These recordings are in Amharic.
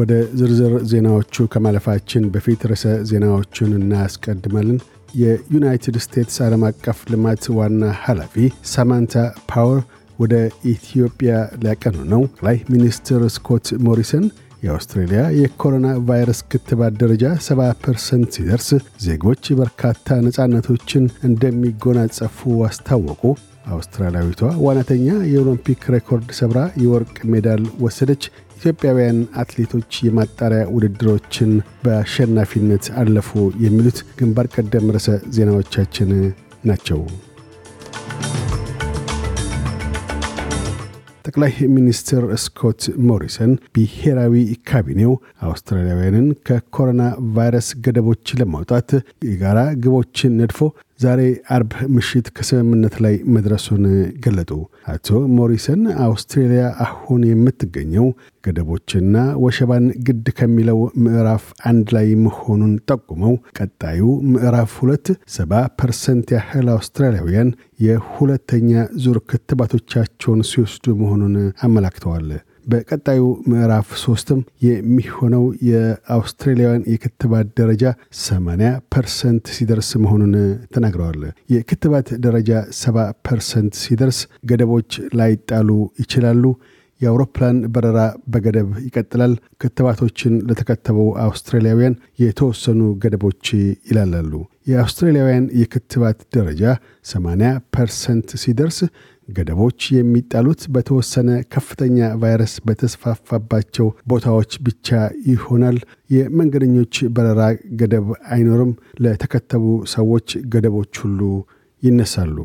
ወደ ዝርዝር ዜናዎቹ ከማለፋችን በፊት ርዕሰ ዜናዎቹን እናያስቀድመልን የዩናይትድ ስቴትስ ዓለም አቀፍ ልማት ዋና ኃላፊ ሳማንታ ፓወር ወደ ኢትዮጵያ ሊያቀኑ ነው። ላይ ሚኒስትር ስኮት ሞሪሰን የአውስትሬልያ የኮሮና ቫይረስ ክትባት ደረጃ 7 ፐርሰንት ሲደርስ ዜጎች በርካታ ነፃነቶችን እንደሚጎናጸፉ አስታወቁ። አውስትራሊያዊቷ ዋናተኛ የኦሎምፒክ ሬኮርድ ሰብራ የወርቅ ሜዳል ወሰደች። ኢትዮጵያውያን አትሌቶች የማጣሪያ ውድድሮችን በአሸናፊነት አለፉ። የሚሉት ግንባር ቀደም ርዕሰ ዜናዎቻችን ናቸው። ጠቅላይ ሚኒስትር ስኮት ሞሪሰን ብሔራዊ ካቢኔው አውስትራሊያውያንን ከኮሮና ቫይረስ ገደቦች ለማውጣት የጋራ ግቦችን ነድፎ ዛሬ አርብ ምሽት ከስምምነት ላይ መድረሱን ገለጡ። አቶ ሞሪሰን አውስትሬልያ አሁን የምትገኘው ገደቦችና ወሸባን ግድ ከሚለው ምዕራፍ አንድ ላይ መሆኑን ጠቁመው ቀጣዩ ምዕራፍ ሁለት ሰባ ፐርሰንት ያህል አውስትራሊያውያን የሁለተኛ ዙር ክትባቶቻቸውን ሲወስዱ መሆኑን አመላክተዋል። በቀጣዩ ምዕራፍ ሶስትም የሚሆነው የአውስትሬሊያውያን የክትባት ደረጃ 80 ፐርሰንት ሲደርስ መሆኑን ተናግረዋል። የክትባት ደረጃ 70 ፐርሰንት ሲደርስ ገደቦች ላይጣሉ ይችላሉ። የአውሮፕላን በረራ በገደብ ይቀጥላል። ክትባቶችን ለተከተቡ አውስትራሊያውያን የተወሰኑ ገደቦች ይላላሉ። የአውስትራሊያውያን የክትባት ደረጃ 80 ፐርሰንት ሲደርስ ገደቦች የሚጣሉት በተወሰነ ከፍተኛ ቫይረስ በተስፋፋባቸው ቦታዎች ብቻ ይሆናል። የመንገደኞች በረራ ገደብ አይኖርም። ለተከተቡ ሰዎች ገደቦች ሁሉ ይነሳሉ።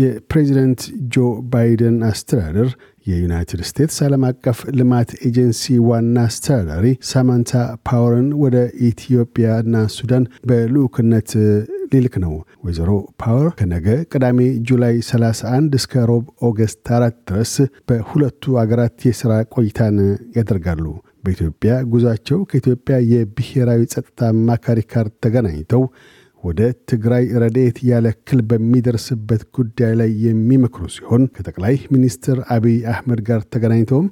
የፕሬዚደንት ጆ ባይደን አስተዳደር የዩናይትድ ስቴትስ ዓለም አቀፍ ልማት ኤጀንሲ ዋና አስተዳዳሪ ሳማንታ ፓወርን ወደ ኢትዮጵያና ሱዳን በልዑክነት ሊልክ ነው። ወይዘሮ ፓወር ከነገ ቅዳሜ ጁላይ 31 እስከ ሮብ ኦገስት 4 ድረስ በሁለቱ አገራት የሥራ ቆይታን ያደርጋሉ። በኢትዮጵያ ጉዟቸው ከኢትዮጵያ የብሔራዊ ጸጥታ አማካሪ ጋር ተገናኝተው ወደ ትግራይ ረድኤት ያለ እክል በሚደርስበት ጉዳይ ላይ የሚመክሩ ሲሆን ከጠቅላይ ሚኒስትር አቢይ አህመድ ጋር ተገናኝተውም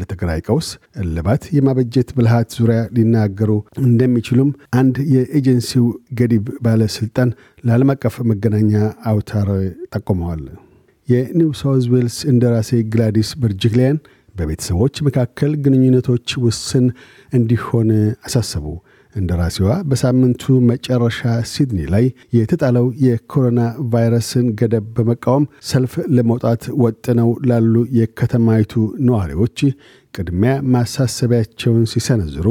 ለትግራይ ቀውስ እልባት የማበጀት ብልሃት ዙሪያ ሊናገሩ እንደሚችሉም አንድ የኤጀንሲው ገዲብ ባለስልጣን ለዓለም አቀፍ መገናኛ አውታር ጠቁመዋል። የኒው ሳውዝ ዌልስ እንደራሴ ግላዲስ በርጅክሊያን በቤተሰቦች መካከል ግንኙነቶች ውስን እንዲሆን አሳሰቡ። እንደራሴዋ በሳምንቱ መጨረሻ ሲድኒ ላይ የተጣለው የኮሮና ቫይረስን ገደብ በመቃወም ሰልፍ ለመውጣት ወጥነው ላሉ የከተማይቱ ነዋሪዎች ቅድሚያ ማሳሰቢያቸውን ሲሰነዝሩ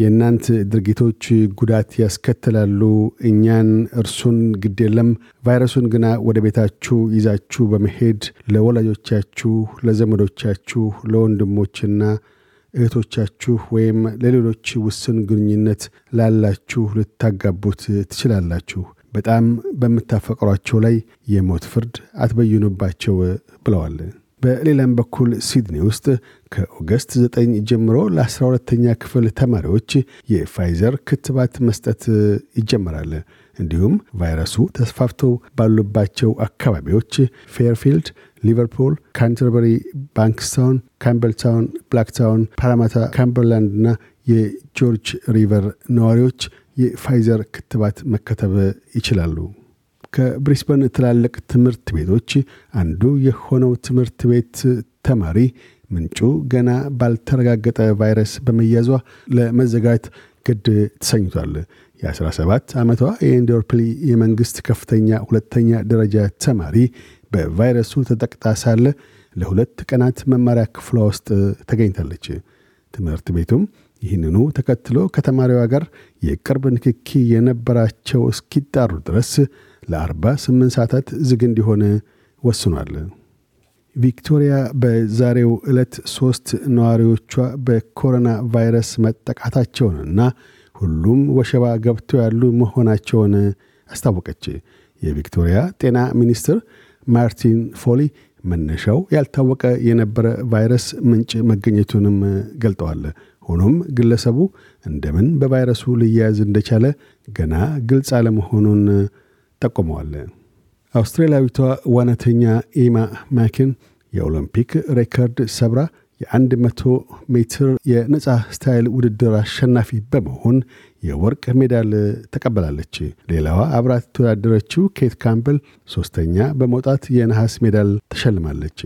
የእናንት ድርጊቶች ጉዳት ያስከትላሉ፣ እኛን እርሱን ግድ የለም። ቫይረሱን ግና ወደ ቤታችሁ ይዛችሁ በመሄድ ለወላጆቻችሁ፣ ለዘመዶቻችሁ፣ ለወንድሞችና እህቶቻችሁ ወይም ለሌሎች ውስን ግንኙነት ላላችሁ ልታጋቡት ትችላላችሁ። በጣም በምታፈቅሯቸው ላይ የሞት ፍርድ አትበይኑባቸው ብለዋል። በሌላም በኩል ሲድኒ ውስጥ ከኦገስት 9 ጀምሮ ለ12ተኛ ክፍል ተማሪዎች የፋይዘር ክትባት መስጠት ይጀመራል። እንዲሁም ቫይረሱ ተስፋፍቶ ባሉባቸው አካባቢዎች ፌርፊልድ ሊቨርፑል፣ ካንተርበሪ፣ ባንክስታውን፣ ካምበልታውን፣ ብላክታውን፣ ፓራማታ፣ ካምበርላንድ እና የጆርጅ ሪቨር ነዋሪዎች የፋይዘር ክትባት መከተብ ይችላሉ። ከብሪስበን ትላልቅ ትምህርት ቤቶች አንዱ የሆነው ትምህርት ቤት ተማሪ ምንጩ ገና ባልተረጋገጠ ቫይረስ በመያዟ ለመዘጋት ግድ ተሰኝቷል። የ17 ዓመቷ የኢንዶርፕሊ የመንግሥት ከፍተኛ ሁለተኛ ደረጃ ተማሪ በቫይረሱ ተጠቅጣ ሳለ ለሁለት ቀናት መማሪያ ክፍሏ ውስጥ ተገኝታለች። ትምህርት ቤቱም ይህንኑ ተከትሎ ከተማሪዋ ጋር የቅርብ ንክኪ የነበራቸው እስኪጣሩ ድረስ ለ48 ሰዓታት ዝግ እንዲሆን ወስኗል። ቪክቶሪያ በዛሬው ዕለት ሦስት ነዋሪዎቿ በኮሮና ቫይረስ መጠቃታቸውንና ሁሉም ወሸባ ገብተው ያሉ መሆናቸውን አስታወቀች። የቪክቶሪያ ጤና ሚኒስትር ማርቲን ፎሊ መነሻው ያልታወቀ የነበረ ቫይረስ ምንጭ መገኘቱንም ገልጠዋል። ሆኖም ግለሰቡ እንደምን በቫይረሱ ልያያዝ እንደቻለ ገና ግልጽ አለመሆኑን ጠቁመዋል። አውስትራሊያዊቷ ዋናተኛ ኢማ ማኪን የኦሎምፒክ ሬከርድ ሰብራ የ100 ሜትር የነፃ ስታይል ውድድር አሸናፊ በመሆን የወርቅ ሜዳል ተቀበላለች። ሌላዋ አብራት የተወዳደረችው ኬት ካምፕል ሶስተኛ በመውጣት የነሐስ ሜዳል ተሸልማለች።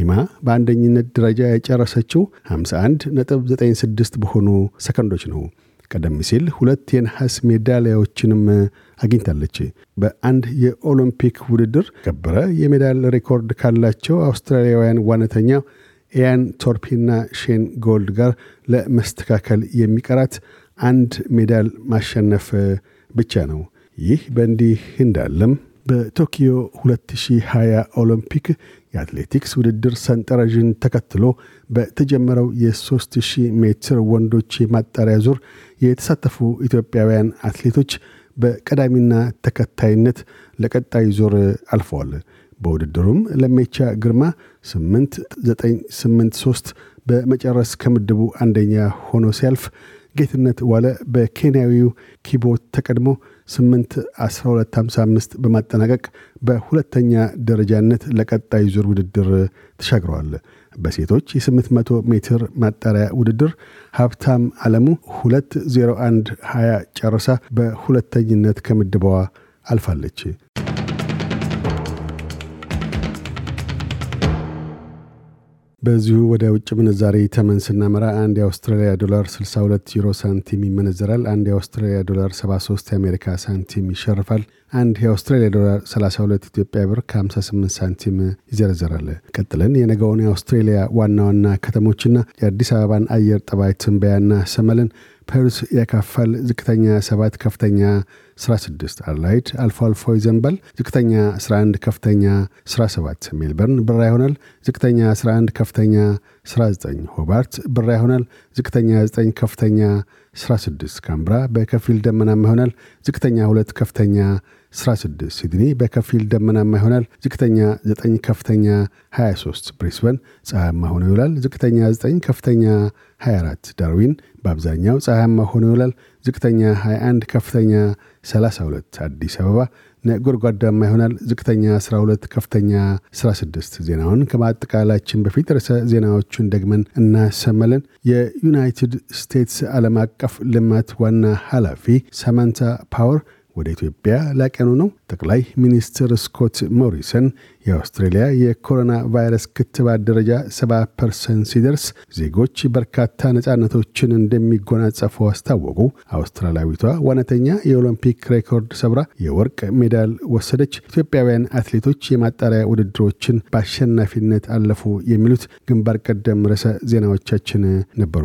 ኢማ በአንደኝነት ደረጃ የጨረሰችው 51.96 በሆኑ ሰከንዶች ነው። ቀደም ሲል ሁለት የነሐስ ሜዳሊያዎችንም አግኝታለች። በአንድ የኦሎምፒክ ውድድር ከበረ የሜዳል ሬኮርድ ካላቸው አውስትራሊያውያን ዋነተኛ ኤያን ቶርፒና ሼን ጎልድ ጋር ለመስተካከል የሚቀራት አንድ ሜዳል ማሸነፍ ብቻ ነው። ይህ በእንዲህ እንዳለም በቶኪዮ 2020 ኦሎምፒክ የአትሌቲክስ ውድድር ሰንጠረዥን ተከትሎ በተጀመረው የ3000 ሜትር ወንዶች ማጣሪያ ዙር የተሳተፉ ኢትዮጵያውያን አትሌቶች በቀዳሚና ተከታይነት ለቀጣይ ዙር አልፈዋል። በውድድሩም ለሜቻ ግርማ 8983 በመጨረስ ከምድቡ አንደኛ ሆኖ ሲያልፍ ጌትነት ዋለ በኬንያዊው ኪቦት ተቀድሞ 81255 በማጠናቀቅ በሁለተኛ ደረጃነት ለቀጣይ ዙር ውድድር ተሻግረዋል። በሴቶች የ800 ሜትር ማጣሪያ ውድድር ሀብታም ዓለሙ 20120 ጨርሳ በሁለተኝነት ከምድበዋ አልፋለች። በዚሁ ወደ ውጭ ምንዛሬ ተመን ስናመራ አንድ የአውስትራሊያ ዶላር 62 ዩሮ ሳንቲም ይመነዘራል። አንድ የአውስትራሊያ ዶላር 73 የአሜሪካ ሳንቲም ይሸርፋል። አንድ የአውስትራሊያ ዶላር 32 ኢትዮጵያ ብር ከ58 ሳንቲም ይዘረዘራል። ቀጥለን የነገውን የአውስትሬሊያ ዋና ዋና ከተሞችና የአዲስ አበባን አየር ጠባይ ትንበያና ሰመልን ፐርስ ያካፋል። ዝቅተኛ 7 ከፍተኛ 16 አድላይድ አልፎ አልፎ ይዘንባል። ዝቅተኛ 11 ከፍተኛ 17 ሜልበርን ብራ ይሆናል። ዝቅተኛ 11 ከፍተኛ 19 ሆባርት ብራ ይሆናል። ዝቅተኛ 9 ከፍተኛ 16 ካምብራ በከፊል ደመናማ ይሆናል። ዝቅተኛ 2 ከፍተኛ 16 ሲድኒ በከፊል ደመናማ ይሆናል። ዝቅተኛ 9 ከፍተኛ 23 ብሪስበን ፀሐያማ ሆኖ ይውላል። ዝቅተኛ 9 ከፍተኛ 24 ዳርዊን በአብዛኛው ፀሐያማ ሆኖ ይውላል። ዝቅተኛ 21 ከፍተኛ 32 አዲስ አበባ ነጎድጓዳማ ይሆናል። ዝቅተኛ 12፣ ከፍተኛ 16። ዜናውን ከማጠቃላችን በፊት ርዕሰ ዜናዎቹን ደግመን እናሰማለን። የዩናይትድ ስቴትስ ዓለም አቀፍ ልማት ዋና ኃላፊ ሳማንታ ፓወር ወደ ኢትዮጵያ ላቀኑ ነው። ጠቅላይ ሚኒስትር ስኮት ሞሪሰን የአውስትሬልያ የኮሮና ቫይረስ ክትባት ደረጃ 70 ፐርሰንት ሲደርስ ዜጎች በርካታ ነፃነቶችን እንደሚጎናጸፉ አስታወቁ። አውስትራሊያዊቷ ዋናተኛ የኦሎምፒክ ሬኮርድ ሰብራ የወርቅ ሜዳል ወሰደች። ኢትዮጵያውያን አትሌቶች የማጣሪያ ውድድሮችን በአሸናፊነት አለፉ። የሚሉት ግንባር ቀደም ርዕሰ ዜናዎቻችን ነበሩ።